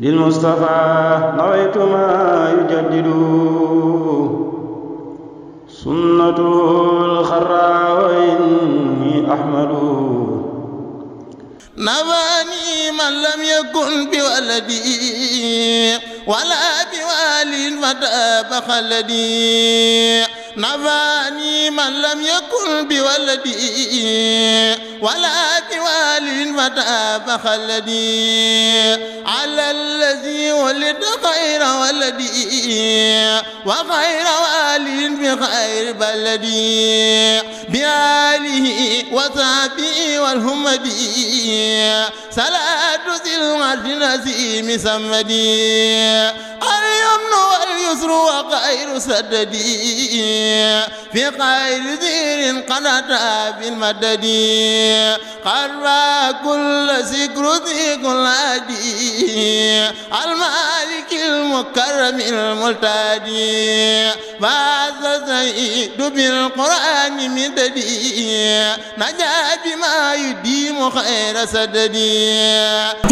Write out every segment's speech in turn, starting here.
للمصطفى نويت ما يجدد سنته الخرى وإني أحمد نباني من لم يكن بولدي ولا بوالي المدى بخلدي نفعني من لم يكن بولدي ولا بوالد فتاب خلدي على الذي ولد خير ولدي وخير والد بخير بلدي بآله وصحبه والهمدي صلاة ذي الغرس نسيم سمدي اليمن اليسر وغير سددي في خير دير قد أتى بالمدد قرب كل سكر ذي كل أدي المالك المكرم الملتدي فاز سيد بالقرآن مددي نجا بما يديم خير سددي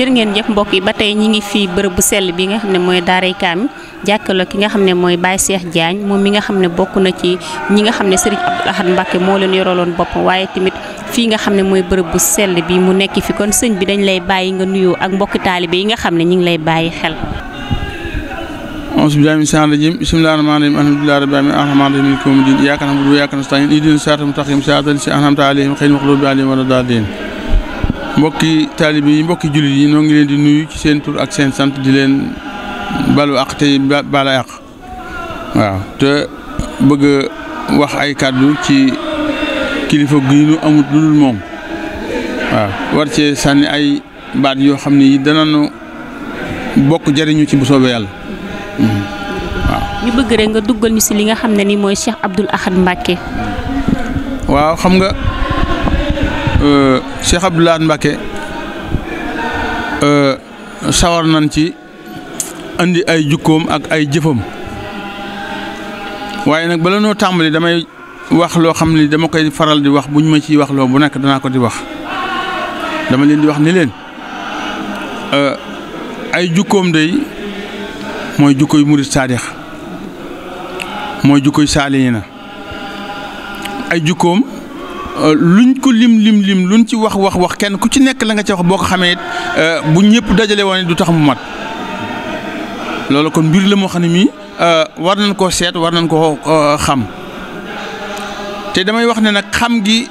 jërë ngeen jëf mbokk yi ba tey ñi ngi fii bërëb bu sell bi nga xam ne mooy daaray kaamil jàkkaloo ki nga xamne moy bay Cheikh Diagne mom mi nga xamne bokku na ci ñi nga xamne Serigne Abdoul Mbacke mo leen yorolon bop waye timit fi nga xamne moy bu sel bi mu nekk fi kon serigne bi dañ lay bayyi nga nuyu ak mbokki taalibe yi nga xamne ñi ngi lay bayyi xel balu ak tey bala ak waaw te bëgg wax ay kàddu ci kilifa gi amut lu dul moom waaw war ci sanni ay baat yo xamni ne yi danañu bokk jariñu ci bu soobee Abdul mhm. waaw ñu bëgg rek nga duggal ñu ci li nga xamne ni moy Cheikh abdul Ahad waaw xam nga euh, Cheikh abdul Ahad euh sawar nan ci andi ay jukkoom ak ay jëfam waaye nag bala noo tàmbali damay wax loo xam ni dama koy faral di wax bu ñu ma ciy wax loo bu nekk danaa ko di wax dama leen di wax ni leen euh, ay jukkoom day mooy jukkoy murit saadix mooy jukkoy saalihiina ay jukkoom euh, luñ ko lim lim lim luñ ci wax wax wax kenn ku ci nekk la nga ci wax boo ko xamee it euh, bu ñëpp dajale woon du tax mu mat loolu kon mbir la moo xam ne mii euh, war nañ koo seet war nañ koo euh, xam te damay wax ne nag xam gi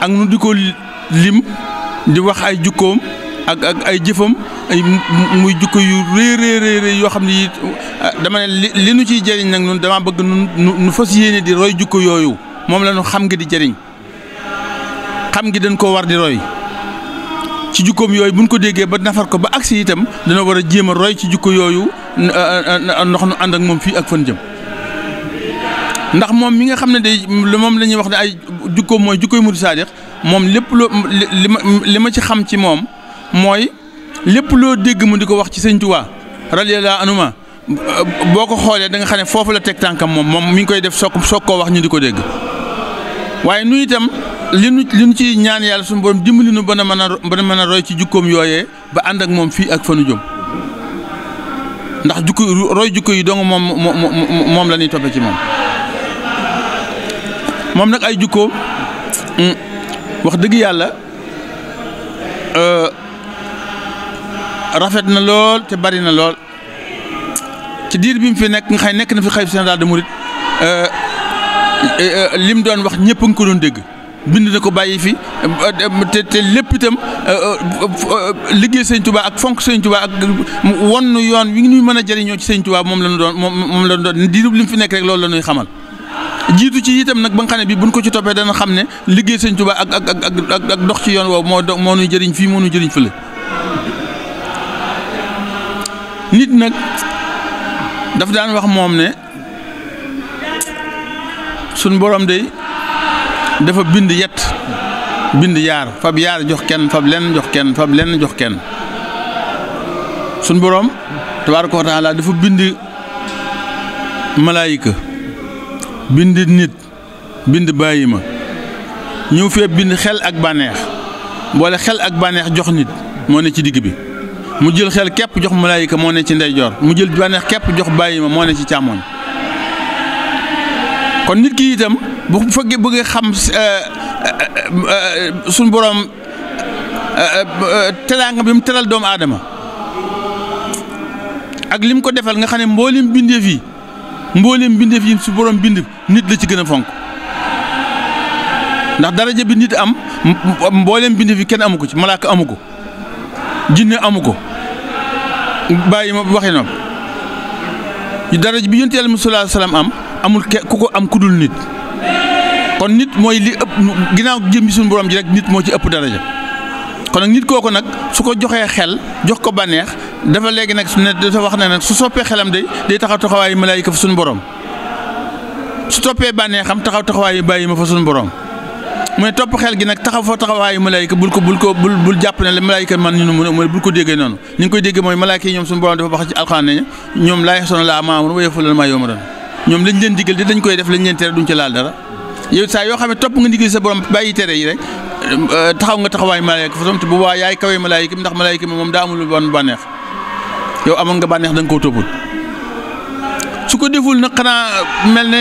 ak nu di ko lim di wax ay jukkoom ak ak ay jëfam ay muy jukko yu réy réy yoo xam ne it euh, dama ne li nu ciy jëriñ nag nun dama bëgg nu nu fas yéene di roy jukko yooyu moom la nu xam gi di jëriñ xam ngi dañ koo war di roy ci jukkoom yooyu buñ ko déggee ba nafar ko ba agsi itam dana war a jéem a roy ci jukko yooyu Euh, euh, euh, ndox nu ànd ak moom fii ak fan jëm ndax moom mi nga xam ne day moom lañuy wax ne ay jukkoom mooy jukkoy murid saadiq moom lépp loo li ma li ma ci xam ci moom mooy lépp loo dégg mu di ko wax ci sëñ Tuubaa radiyallaahu anhu boo ko xoolee da xam ne foofu la teg tànkam moom moom mi ngi koy def soog soog koo wax ñu di ko dégg waaye nu itam li nu li nu ci ñaan yàlla suñu borom dimbali nu ba na mën a ba na mën a roy ci jukkoom yooyee ba ànd ak moom fii ak fanu jëm ndax jukko roy jukko yi dong moom moom la ñuy toppee ci moom moom nag ay jukkoom mm, wax dëgg yàlla euh, rafet na lool te bari na lool ci diir bi mu fi nekk nga xay nekk na fi xay général de Mouride euh, euh, lim doon wax ñëpp nga ko doon dégg. bind na ko bàyyi fi te te lépp itam euh, euh, euh, liggéey sëñ Tuba ak fonk sëñ Tuba ak won nu yoon wi ñuy mën a jëriñoo ci sëñ Tuba moom la doon moom moom la ñu doon diirub li mu fi nekk rek loolu la xamal. jiitu ci itam nag ba nga xam ne bii buñ ko ci toppee dana xam ne liggéey sëñ Tuba ak ak ak dox ci yoon woowu moo do moo nuy jariñ fii moo nuy jëriñ fële. nit nag daf daan wax moom ne sunu borom de. dafa bind yett bind yaar fab yaar jox kenn fab leen jox kenn fab lenn jox kenn suñ boroom tabaaraka wa taala dafa bind malaayika bind nit bind bàyyi ma ñëw fee bind xel ak bànneex boole xel ak bànneex jox nit moo ne ci digg bi mu jël xel képp jox malaayika moo ne ci ndeyjoor mu jël bànneex képp jox bàyyi ma moo ne ci càmmoñ kon nit ki itam bu fekkee bëggee xam euh, euh, euh, suñu borom teraanga bi mu teral doomu aadama ak lim ko defal nga xam ne mboolem bindeef yi mboolem bindeef yi su borom bind nit la ci gën a fonk ndax daraja bi nit am mboolem bindeef yi kenn amu ko ci malaaka amu ko jinne amu ko bàyyi ma waxee noonu daraja bi yonent Yàlla mu sallallahu alayhi am. amul ku ko am kudul nit kon nit mooy li ëpp ginnaaw jëm bi suñu borom ji rek nit moo ci ëpp daraja kon nag nit kooku nag su ko joxee xel jox ko bànneex dafa léegi nag su ne dafa wax ne nag su soppee xelam day day taxaw taxawaayu malaayika fa suñu borom suñu borom mu ne topp xel gi nag taxaw fa taxawaayu malaayika bul ko bul jàpp ne la malaayika man ñu ne mooy bul ko déggee noonu ni koy déggee mooy malaayika yi ñoom suñu borom dafa wax ci alxaan ne ñoom laay sonal laa maamoon wéyee fulal maa yomb ñoom lañ leen digal di dañ koy def lañ leen tere duñ ci laal dara yow saa yoo xam ne topp nga ndigal sa borom bàyyi tere yi rek euh, taxaw nga taxawaay malaayka fa te bu waa yaay kawe malaayka bi ndax malaayka bi moom daa amul woon bànneex yow amoon nga bànneex da nga koo toppul ko deful nag xanaa mel ne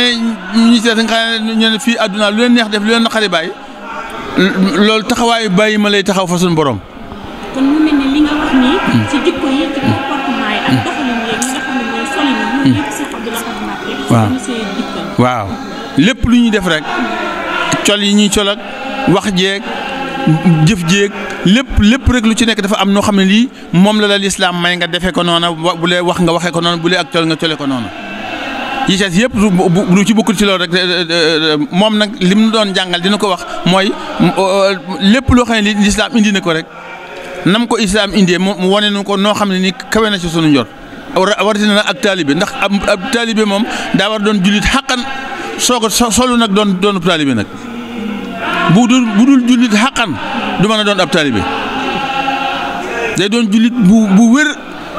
ñu ci nga xam fii àdduna lu leen neex def lu leen naqari bàyyi loolu taxawaayu bàyyi ma lay taxaw fa suñu borom. waaw lépp lu ñuy def rek col yi ñuy col wax jeeg jëf jéeg lépp lépp rek lu ci nekk dafa am noo xam ne lii moom la la lislaam may nga defee ko noona bu lee wax nga waxee ko noonu bu lee ak col nga cole ko noonu yi ci yëpp lu ci bokkul ci lool rek euh, euh, euh, moom nag li mu doon jàngal dina ko wax mooy lépp loo xam ne lii lislaam indi na ko rek nam ko islaam indee mu wane nu ko noo xam ne ni kawe na ci sunu njor warati na ak taalibe ndax am ab taalibe moom daa war doon jullit xaqan soo ko solu nag doon doon taalibe nag bu dul bu dul jullit xaqan du mën a doon ab taalibe day doon jullit bu bu wér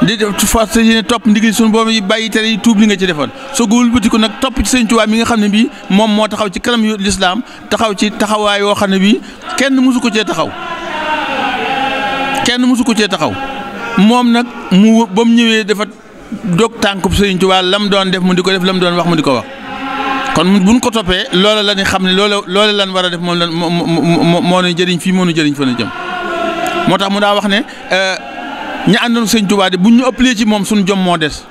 di fas yéene topp ndigal suñu boobu yi bàyyi tere yi tuub li nga ci defoon soo ko wëlbati nag topp ci Sëñ Tuubaa mi nga xam ne bii moom moo taxaw ci kanam yu lislaam taxaw ci taxawaay yoo xam ne bii kenn mësu ko cee taxaw kenn mësu ko cee taxaw moom nag mu b mu dafa jóg tànkub Sëriñ Tuubaa lam doon def mu di ko def lam doon wax mu di ko wax kon buñ ko toppee loola la ñu xam ne loola loola lan war a def moom lan moo moo moo ñu jëriñ fii moo ñu jëriñ fa ñu moo tax mu daa wax ne euh, ña àndoon Sëriñ Tuubaa de buñ ñu ëppalee ci moom suñu jom moo des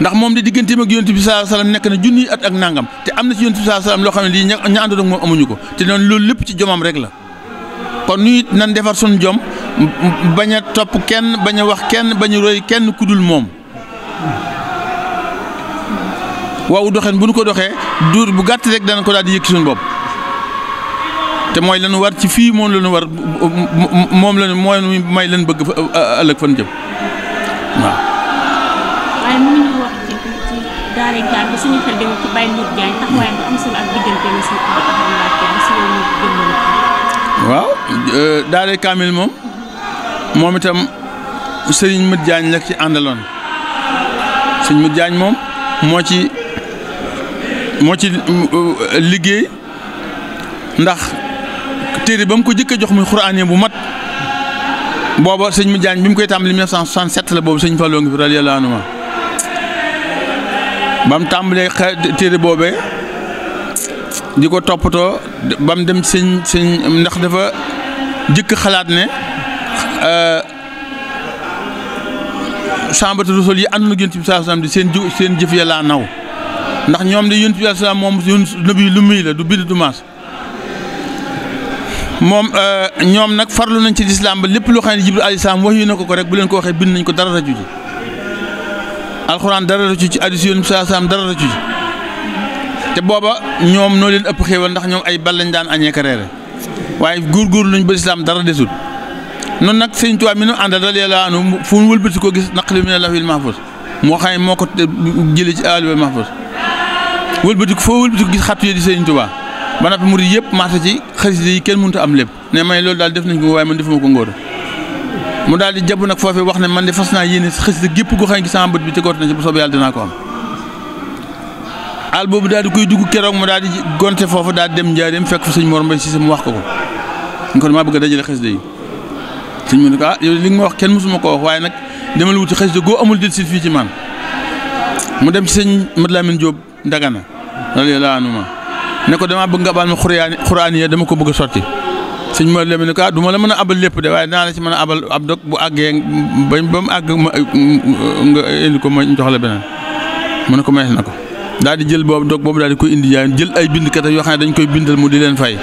ndax moom di digganteem ak yonent bi sallallahu alayhi nekk na junniy at ak nangam te am na ci yonent bi sallallahu loo xam ne lii ña àndoon ak moom amuñu ko te noonu loolu lépp ci jomam rek la kon bañ a topp kenn bañ a wax kenn bañu a roy kenn ku dul moom waaw doxeen bu nu ko doxee duur bu gàtt rek dana ko daal di yëkki suñu bopp te mooy lañu war ci fii moom lañu war moom lañu mooy may leen bëgg ëllëg fan jëm waaw. waaye kaamil euh, moom. moom itam sëñ Mët Jaañ la ci àndaloon sëñ Mët Jaañ moom moo ci moo ci euh, liggéey ndax téere ba mu ko jëkk a jox muy xuraane bu mat booba sëñ Mët Jaañ bi mu koy tàmbali 1967 la boobu sëñ Fallou ngi fi radiyallahu anhu ba mu tàmbalee téere boobee di ko toppatoo ba mu dem sëñ sëñ ndax dafa jëkk xalaat ne Euh, sambata rasul yi ànd na yonent bi sallallahu alayhi wasallam di seen jëf seen jëf ya laa naw ndax ñoom de yonent bi sallallahu alayhi wasallam moom yun nabi lu muy la du bind du maas moom euh, ñoom nag farlu nañ ci lislaam ba lépp loo xam ne jibril alayhi salaam wax yu na ko ko rek bu leen ko waxee bind nañ ko dara raju ji alxuraan dara raju ci hadiis yonent bi sallallahu alayhi wasallam dara raju ji te booba ñoom noo leen ëpp xéewal ndax ñoom ay bal lañ daan añeeka reere waaye góorgóorlu nañ ba lislaam dara desul non nak seigne Tuubaa mi nu ànda radiyallaahu anhu fu mu wëlbati ko gis naqli min lawhil al mahfuz mo xay moko ko ci lawhil mahfuz wul bitiko fo wul bitiko gis xattu yi seigne sëñ Tuubaa ba noppi murid yëpp marché ci xasida yi kenn muntu am lépp ne may loolu dal def nañ ko way man defuma ko ngor mu dal di jabu nak fofé wax ne man di fasna yene yéene xasida gépp goo xam ne sama bët bi tegoot na ci bu sobe yàlla dina ko am al bobu dal di koy dugg kérok mu dal di gonte fofu dal dem njaareem fekk fu sëñ Mor Mbay ci mu wax ko ko ma bëgg dajale xasida yi sëñ bi ne ko ah yow li nga ma wax kenn mësuma ko wax waaye nag demal wuti xasida goo amul del si fii ci man mu dem ci sëñ Mad Lamin Jóob Ndagana radiyallaahu anhu ne ko damaa bëgg nga baal ma xuraani xuraani dama ko bëgg sotti sëñ ma Lamin ne ko ah du ma la mën a abal lépp de waaye naa la ci mën a abal ab dog bu àggee ba ba mu àgg eh, nga indi ko ma jox la beneen mu ne ko mees na ko daal di jël boobu dog boobu daal di koy indi jaay jël ay bindkat yoo xam ne dañ koy bindal mu di leen fay.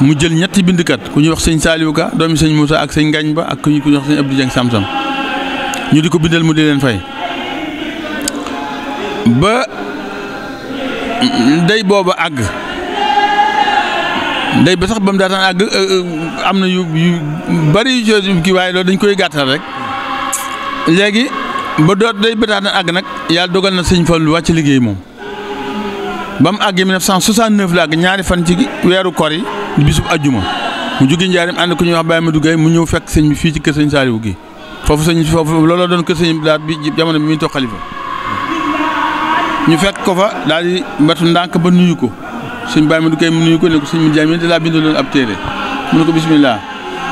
mu jël ñetti kat ku ñu wax sëñ Saliou Ka doomi sëñ Moussa ak sëñ gagne Ba ak ku ñu wax sëñ Abdou Samsam ñu diko bindal mu di len fay ba day booba ag day ba sax ba da tan ag euh, euh, amna yu bari yu ki way lo dañ koy gattal rek legi ba do day ba tan ag nak yalla dogal na sëñ Fallu wacc liggey mom ba mu 1969 la àgg ñaari fan ci wéru kor yi bisub ajjuma mu juggi njaarim ànd ku ñuy wax baay Madou Gueye mu ñëw fekk sëñ bi fii ci kër sëñ Saliou gi foofu sëñ foofu looloo doon kër sëñ daat bi jamono bi muy toog xalifa ñu fekk ko fa daal di mbatu ndànk ba nuyu ko sëñ Baye Madou Gueye mu nuyu ko ne ko sëñ mu jaam yéen bind loolu ab téere mu ne ko bisimilah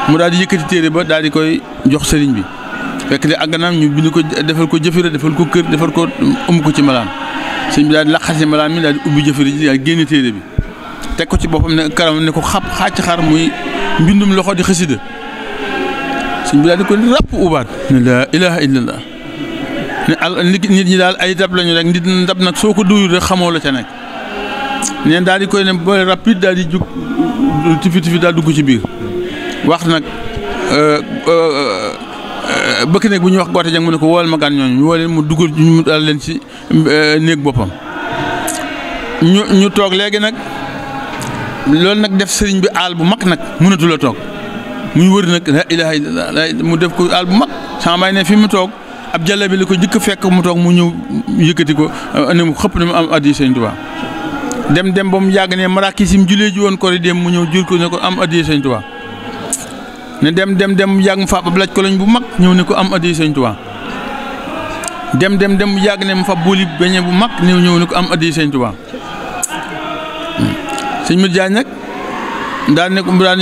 mu daal di yëkkati téere ba daal di koy jox sëriñ bi fekk de àgganaam ñu bind ko defal ko jëfira defal ko kër defal ko ëmb um, um ko ci malaan sëñ bi daal di malaan mi daal di ubbi jëfira ji téere bi teg ko ci boppam ne karam ne ko xap xàcc xar muy mbindum loxo di xasida sëñ bi daal di ko ràpp ubaat ne laa ilaha illallah ne al nit ñi daal ay dab lañu rek nit ndab nag soo ko duyul xamoo la ca nekk neen daal di koy ne ba rapide daal di jug tifi tifi daal dugg ci biir wax nag euh, euh, bëkk néeg bu ñuy wax goote jang mu ne ko wool ma ñooñu ñu leen mu dugal ñu daal leen ci euh, néeg boppam ñu ñu toog léegi nag loolu nag def sëriñ bi aal bu mag nag mënatu la toog muy wër nag la ilaha illallah mu def ko aal bu mag sama baay ne fi mu toog ab jàlla bi li ko njëkk fekk mu toog mu ñëw yëkkati ko ne mu xëpp ne am addi sëriñ dem dem ba mu yàgg ne maraakis yi mu jullee ji woon ko di dem mu ñëw jur ko ne ko am adi sëriñ Tuubaa ne dem dem dem mu yàgg mu fa ab laaj ko lañ bu mag ñëw ne ko am addi sëriñ Tuubaa dem dem dem mu yàgg ne mu fàpp booli beñe bu mag ñëw ñëw ne ko am addi sëriñ sëñ Modou Diagne nag daan ne ko daan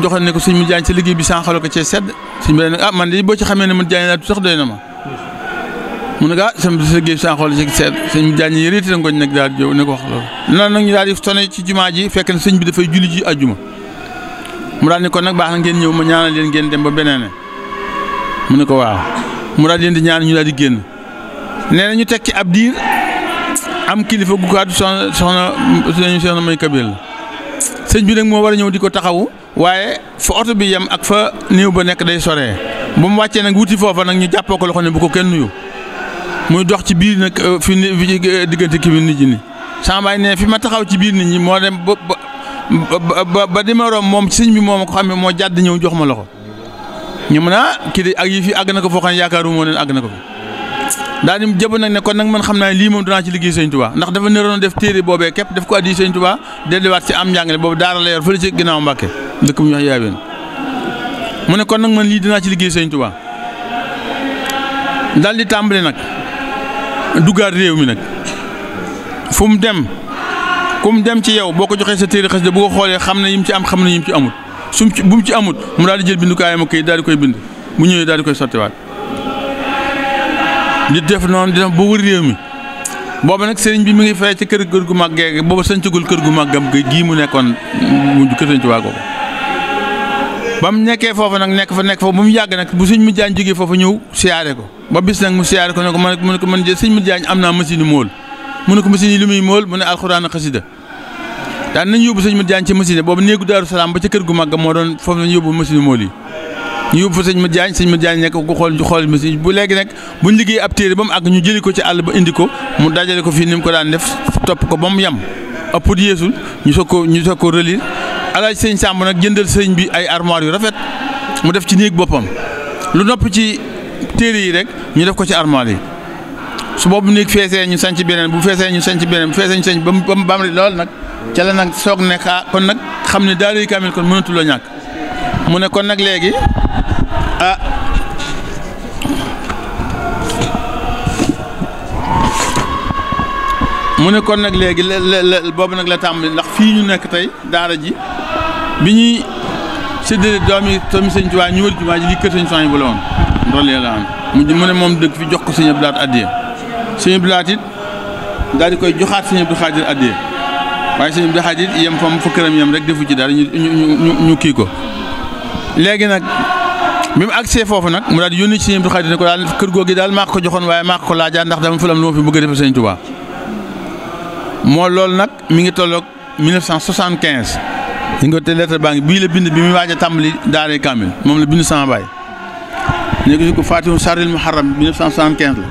joxe ne ko sëñ Modou Diagne sa liggéey bi sànqal ko cee sedd sëñ bi nag ah man de boo ci xamee ne Modou Diagne laa sax doy na ma. mu ne ah sa liggéey bi sànqal ci sedd sëñ Modou Diagne yëreeti na ngoñ nag daal di ne ko wax loolu. noonu nag ñu daal di tone ci jumaa ji fekk na sëñ bi dafay julli ji àjjuma mu daal ne kon nag baax na ngeen ñëw ma ñaanal leen ngeen dem ba beneen mu ne ko waaw mu daal leen di ñaan ñu daal di génn nee na ñu teg ci ab diir am kilifa gu ko addu soxna soxna soxna may kabir la sëñ bi nag moo war a ñëw di ko taxawu waaye fa oto bi yem ak fa néew ba nekk day soree ba mu wàccee nag wuti foofa nag ñu jàppoo ko loxo ne bu ko kenn nuyu muy dox ci biir nag euh, fi euh, diggante kii nit ñi sama baay fi ma taxaw ci biir nit ñi moo dem ba ba ba di ma romb moom sëñ bi moom ko xam ne moo jàdd ñëw jox ma loxo ñu mën a di ak yi fi àgg na ko foo xam ne yaakaaruma moo leen àgg na ko fi daa nim jëb nag ne kon nag man xam naa lii moom dinaa ci liggéey sëñ Tuubaa ndax dafa naroon def téere boobee képp def ko addi sëñ Tuubaa delluwaat ci am njàngale boobu daara la yor fële ci ginnaaw Mbàkke dëkk bu ñu yaaween mu ne kon nag man lii dinaa ci liggéey sëñ Tuubaa daal di tàmbali nag duggaat réew mi nag fu mu dem ku mu dem ci yow boo ko joxee sa téere xas de bu xoolee xam ne yim ci am xam ne yim ci amut su mu ci bu mu ci amut mu daal di jël bindukaayam daal di koy bind bu ñëwee daal di koy sottiwaat di def noonu di ba wër réew mi booba nag sëriñ bi mu ngi fay ci kër kër gu màggee booba sañcagul kër gu màggam gii mu nekkoon mu kër sañ ci waa ko ba mu nekkee foofu nag nekk fa nekk fa ba mu yàgg nag bu sëñ mu jaañ jógee foofu ñëw siyaare ko ba bis nag mu siyaare ko ne ko man man man sëñ mu jaañ am naa machine mool mu ne ko machine yi li muy mool mu ne alxuraan ak xasida daan nañ yóbbu sëñ mu jaañ ci machine boobu néegu daaru salaam ba ci kër gu màggam moo doon foofu lañ yóbbu machine mool yi yóbbu fa sëñ ma jaañ sëñ ma jaañ nekk ko xool xool ma si bu léegi nag bu ñu liggéey ab téere ba mu àgg ñu jëli ko ci àll ba indi ko mu dajale ko fii ni mu ko daan def topp ko ba mu yem ëpp di yeesul ñu soog ko ñu soog ko relire alaaji sëñ Sàmb nag jëndal sëñ bi ay armoire yu rafet mu def ci néeg boppam lu nopp ci téere yi rek ñu def ko ci armoire yi su boobu néeg feesee ñu sanc beneen bu feesee ñu sanc beneen bu feesee ñu sanc ba mu ba mu lool nag ca la nag soog ne xaa ah, kon nag xam ne daaray kaamil kon mënatu ñàkk mu ne kon nag léegi ah mu ne nag léegi la la boobu nag la tàmbali ndax fii ñu nekk tey daara ji bi ñuy séddale doom yi tamit sëñ Tuubaa ñu wër jumaa ji li kër sëñ Sohaybu bu la woon loolu la am mu ne moom dëkk fi jox ko sëñ Abdou Lahad addiya sëñ Abdou Lahad it daal koy joxaat sëñ Abdou Khadir addiya waaye sëñ Abdou Khadir yem fa mu fa këram yem rek defu ci ñu ñu ñu ñu kii ko. léegi nag bi mu àggsee foofu nag mu daal di yónni ci Sëñ Abdou Khadir ne ko daal kër googu daal maa ko joxoon waaye maa ko laajaat ndax dama fulam lu ma fi bëgg a defee Sëñ moo loolu nag mi ngi tolloog 1975 ñu ngi ko te lettre baa ngi bii la bind bi mu waaj tàmbali Daara Kamil moom la bind sama baay ñu ngi ko Faatihu Sarril Muharram 1975 la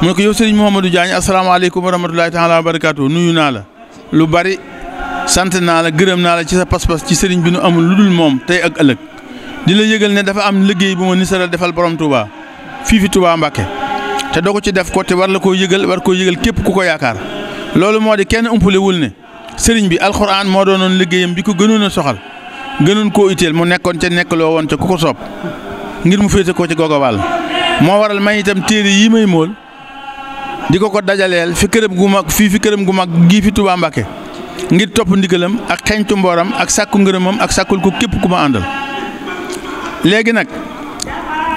mu ne ko yow Serigne Mouhamadou Diagne asalaamaaleykum wa rahmatulahi taala wa barakaatu nuyu naa la lu bari. sant naa la gërëm naa la ci sa pas ci sëriñ bi nu amul lu dul moom tey ak ëllëg di la yëgal ne dafa am liggéey bu ma nisaral defal borom Touba fii fi Touba Mbacke te doo ko ci def ko te war la koo yëgal war koo yëgal képp ku ko yaakaar loolu moo di kenn umpulewul ne sëriñ bi alxuraan moo doonoon liggéeyam bi ko gënoon a soxal gënoon koo itteel mu nekkoon ca nekkaloo woon ca ku ko soob ngir mu féete ko ci googa wàll moo waral may itam téere yi may mool di ko ko dajaleel fi këram gu mag fii fi këram gu mag gii fi Touba ngir topp ndigalam ak xeñtu mbooram ak sàkku ngërëmam ak sàkkul ko képp ku ma àndal léegi nag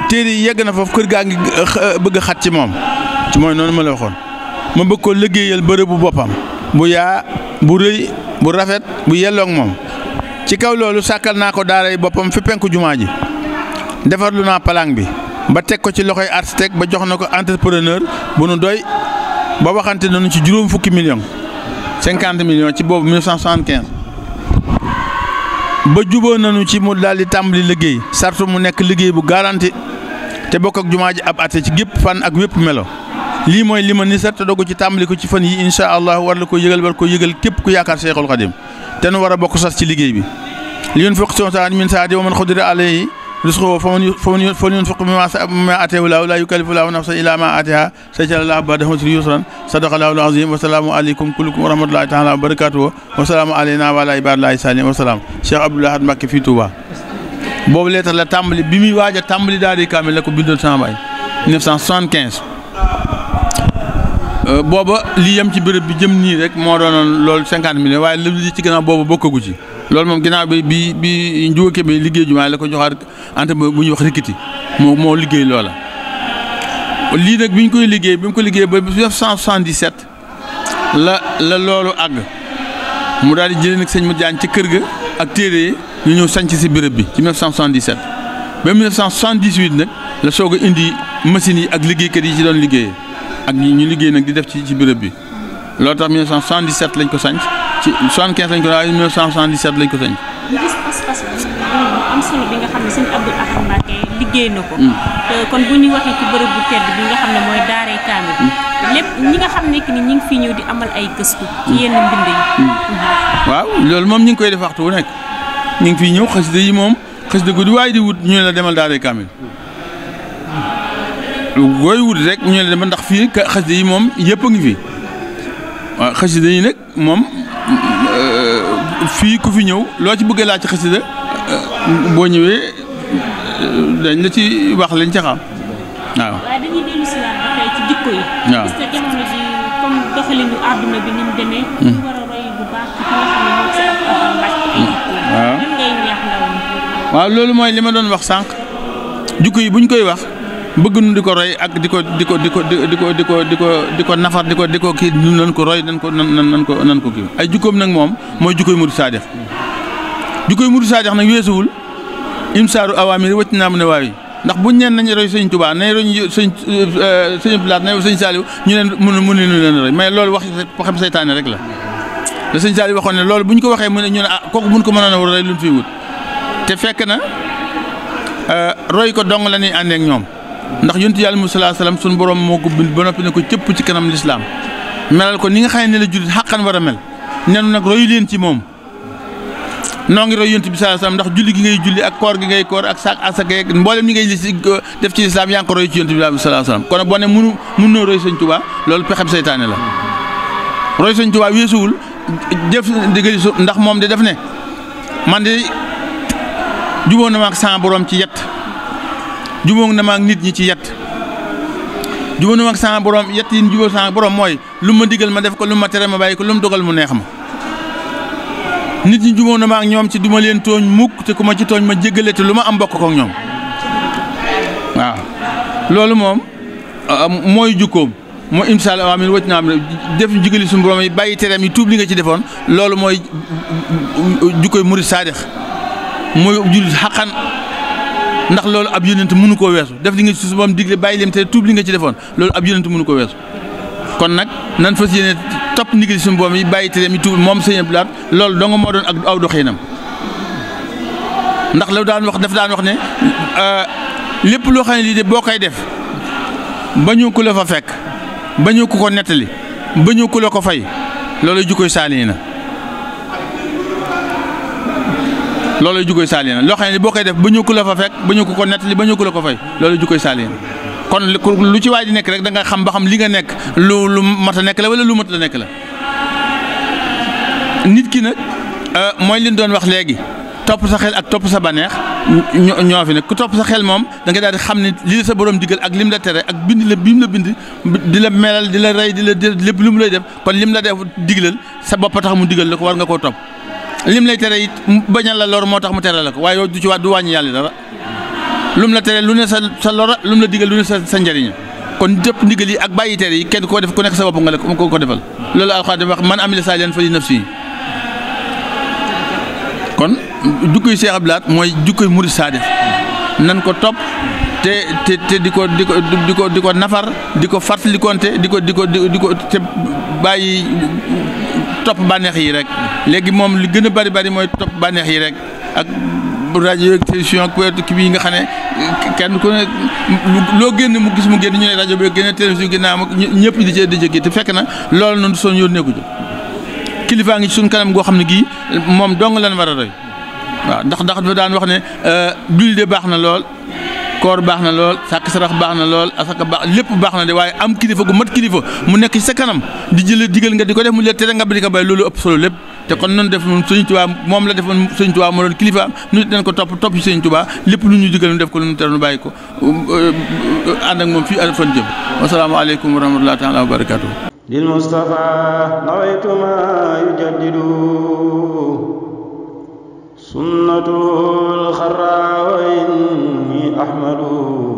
téere yi yegg na foofu kër gaa ngi eh, eh, bëgg xat ci moom mooy noonu ma la waxoon ma bëgg ko liggéeyal bërëb bu boppam bu yaa bu rëy bu rafet bu yelloog moom ci kaw loolu sàkkal naa ko daara yi boppam fi penku jumaa ji defar naa palang bi ba teg ko ci loxo yi architecte ba jox na ko entrepreneur bu nu doy ba waxante nañu ci juróom fukki million cinquante millions ci boobu 1975 ba juboo nañu ci mu daal di tàmbali liggéey sartu mu nekk liggéey bu garanti te bokk ak jumaa ji ab atte ci gépp fan ak wépp melo lii mooy li ma ni sat te dogu ci tàmbali ko ci fan yi incha allah war la ko yëgal war ko yëgal képp ku yaakaar Seexul Xadim te nu war a bokk sas ci liggéey bi li yun fokk sonsaan min saadi wa man risqo fa man yunfiq mimma ataahu llaahu laa yukallifu llaahu nafsan illaa maa aataahaa sayaj'alu llaahu ba'da usrin yusran sadaqa llaahu l-aziim wa salaamu aleykum kullukum wa rahmatullaahi taalaa wa barakaatuh wa salaamu aleynaa wa alaa ibaadillaahi saalihiin wa salaam Cheikh Abdoul fii Touba boobu leetar la tàmbali bi muy waaj a tàmbali daal di kaamil la ko bindoon sama euh, booba li yem ci béréb bi jëm nii rek moo doonoon lool 50 millions waaye li ci loolu moom ginnaaw bi bi bi njuuke bi liggéey jumaa la ko joxaat ante bu ñuy wax rikkiti moo moo liggéey loola. lii nag bi ñu koy liggéey bi mu ko liggéey ba 1977 la la loolu àgg mu daal di jëlee nag sëñ Modou Diagne ci kër ga ak téere yi ñu ñëw sanc si béréb bi ci 1977. ba 1978 nag la soog a indi machines yi ak liggéeykat yi ci doon liggéey ak ñi ñu liggéey nag di def ci ci béréb bi loolu tax 1977 lañ ko sanc su 75 lañ ko daal 1977 lañ gis pas-pas bi nga xam ne sëñ Abdou Ahad Mbacké liggéey na ko. Mm. Euh, kon bu ñu waxee ci bërëb bu tedd bi nga xam ne mooy daaray kaamil. Mm. lépp ñi nga xam ne que ni ngi fi ñëw di amal ay gëstu. ci mm. yenn mbind mm-hmm. waaw loolu moom ñu ngi koy def waxtu wu nekk ñu ngi fi ñëw xasida yi moom xasida guddi waaye di wut ñu la demal daaray kaamil. gooy wut rek ñu la demal ndax fii xasida yi moom yëpp a ngi fi waaw xasida yi nag moom. fii ku fi ñëw loo ci bëggee laa ci xasida euh, boo ñëwee euh, dañ la ci wax lañ ca ci xam waaw waaw loolu mooy li ma doon wax sànq jikko yi buñ koy wax. bëgg nu di ko roy ak di ko di ko di ko di ko di ko di ko di ko nafar di ko di ko kii ñun nan ko roy nan ko nan nan ko nan ko kii ay jukkoom nag moom mooy jukkoy murid saadix jukkoy murid saadix nag weesuwul imsaaru awaamir wëcc naa mu ne waawi ndax buñ neen nañ roy sëñ Tuubaa nañ roy sëñ euh, sëñ Abdulaat nañ roy sëñ Saaliw ñu leen mënu mënu ñu leen roy mais loolu wax waxam seytaane rek la la sëñ Saaliw waxoon ne loolu bu ñu ko waxee mu ne ñu ne ah kooku mun ko mënoon a roy luñ fiy wut te fekk na euh, roy ko dong la nuy àndeek ñoom ndax yontu yàlla mu salaa salaam sunu borom moo ko bind ba noppi ne ko cëpp ci kanam lislaam melal ko ni nga xam ne la jullit xàqan war a mel nenu nag royu leen ci moom noo ngi roy yontu bi salaam ndax julli gi ngay julli ak koor gi ngay koor ak saak asaka yeeg mboolem ñi ngay def ci lislaam yaa ngi ko roy ci yontu bi salaa salaam kon boo ne munu mun noo roy sëñ Tuubaa loolu pexeb seytaane la roy sëñ Tuubaa weesuwul jëf digal ndax moom de def ne man de jubóo na ci yett jubóog na ma ak nit ñi ci yett jubóog na ma ak sama borom yett yi jubóog sama borom mooy lu ma digal ma def ko lu ma tere ma bàyyi ko lu mu dogal mu neex ma. nit ñi jubóog na ma ak ñoom ci du ma leen tooñ mukk te ku ma ci tooñ ma jéggale te lu ma am bokk ko ñoom waaw loolu moom mooy jukkoom. moo incha allah amiin wëcc naa am def jigali suñu borom yi bàyyi tereem i tuub li nga ci defoon loolu mooy jukkoy murid saadix mooy jullit xaqan ndax loolu ab yonent mënu koo weesu def li nga ci suñu borom digle bàyyi leen te tuub li nga ci defoon loolu ab yonent mënu koo weesu kon nag nan fas yéene topp ndigal suñu borom yi bàyyi tereem yi tuub moom sëñ Abdoulaye loolu dong moo doon ak aw doxinam ndax la daan wax daf daan wax ne euh, lépp loo xam ne lii de boo koy def bañu ku la fa fekk bañu ku ko nettali bañu ku la ko fay loolu jukkoy saali na loolu jukoy saaliina loo xam ne boo koy def ba ñu ku ko fa fekk ba ñu ko ko nettali ba ñu ku ko fay loolu lu ci waay di nekk rek da nga xam ba xam li nga lu lu mat a nekk la wala lu mat la nekk la ki nag euh, mooy li ñu doon wax léegi topp sa xel ak topp sa baneex ñoo fi nag ku topp sa xel moom da daal di xam ne lii sa borom digal ak lim la tere ak bind la bi mu la bind di la melal di la rey di la lépp lu mu lay def kon lim la def diglal sa bopp tax mu digal la ko war nga koo topp. lim lay tere it bañal la lor motax mu téré la ko waaye du ci du wàññi yalla dara lum la tere lu ne sa sa lora lum la digal lu ne sa sa ndariñ kon depp ndigal yi ak bayyi tere yi kenn ko def ku nek sa bop nga ko defal lolu alxuraan wax man amil salian fa li nafsi kon jukkoy Cheikh moy mooy murisade, mourid sadef nan ko top te te te diko diko diko diko nafar diko fatlikonté diko diko diko di te bayi topp bànneex yi rek léegi moom li gën a bari bari mooy topp bànneex yi rek ak rajo ak télévision ak ki bii nga xam ne kenn ku ne loo génn mu gis mu génn ñu ne rajo bi génn télévision ginnaaw ak ñëpp di ci di jëkki te fekk na loolu noonu son yoon nekku ci kilifaa ngi ci suñ kanam goo xam ne gii moom dong lan war a roy waaw ndax ndax dafa daan wax ne julli euh, de baax na lool koor baxna lol sak sarax baxna lol asaka bax lepp baxna na de am kilifa gu mat kilifa mu nek ci sa kanam di jël digel nga di def mu la tere nga bari di bay bàyyi upp solo lepp te kon non def mom seigne touba mom la defoon seigne touba mo doon kilifa nu den ko top top seigne touba lepp lu ñu digel ñu def ko lu teru bayiko and ak mom fi jëm alaykum wa rahmatullahi taala wa barakatuh lil mustafa nawaytu ma yujaddidu sunnatul kharawin أحمله